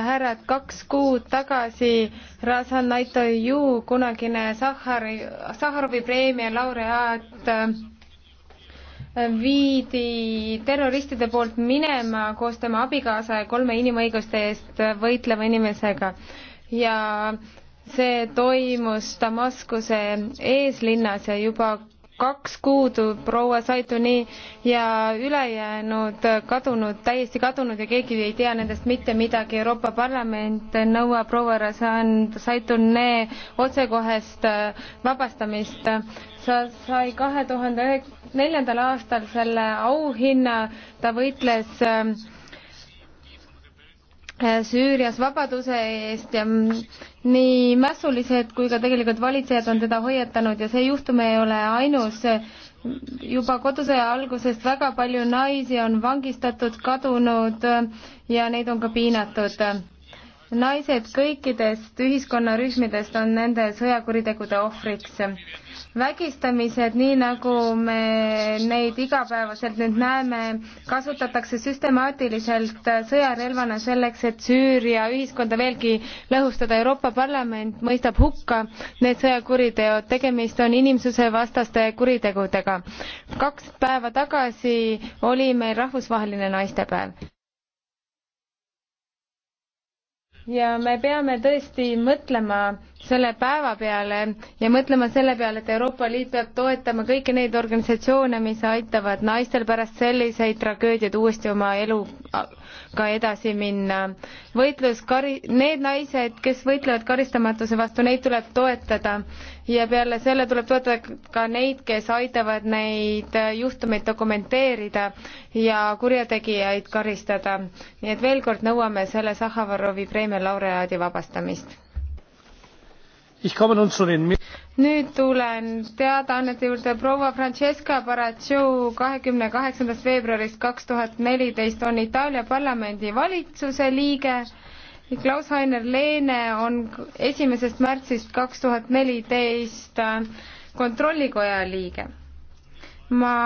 härrad, kaks kuud tagasi Razan Naitoju, kunagine Sahhari, Sahharovi preemia laureaat, viidi terroristide poolt minema koos tema abikaasa ja kolme inimõiguste eest võitleva inimesega. ja see toimus Damaskuse eeslinnas ja juba kaks kuud proua Saiduni ja ülejäänud kadunud, täiesti kadunud ja keegi ei tea nendest mitte midagi. Euroopa Parlament nõuab proua Razan Saidune otsekohest äh, vabastamist. sa sai kahe tuhande neljandal aastal selle auhinna, ta võitles ähm, Süürias vabaduse eest ja nii mässulised kui ka tegelikult valitsejad on teda hoiatanud ja see juhtum ei ole ainus. juba kodusõja algusest väga palju naisi on vangistatud, kadunud ja neid on ka piinatud naised kõikidest ühiskonnarühmidest on nende sõjakuritegude ohvriks. vägistamised, nii nagu me neid igapäevaselt nüüd näeme, kasutatakse süstemaatiliselt sõjarelvana selleks, et Süüria ühiskonda veelgi lõhustada. Euroopa Parlament mõistab hukka need sõjakuriteod, tegemist on inimsusevastaste kuritegudega. kaks päeva tagasi oli meil rahvusvaheline naistepäev ja me peame tõesti mõtlema selle päeva peale ja mõtlema selle peale, et Euroopa Liit peab toetama kõiki neid organisatsioone, mis aitavad naistel pärast selliseid tragöödiaid uuesti oma eluga edasi minna võitlus kari-, need naised, kes võitlevad karistamatuse vastu, neid tuleb toetada ja peale selle tuleb toetada ka neid, kes aitavad neid juhtumeid dokumenteerida ja kurjategijaid karistada. nii et veel kord nõuame selle Sahharovi preemia laureaadi vabastamist nüüd tulen teadaannete juurde proua francesca baracciu kahekümne kaheksandast veebruarist kaks tuhat neliteist on itaalia parlamendi valitsuse liige klaus heiner leene on esimesest märtsist kaks tuhat neliteist kontrollikoja liige ma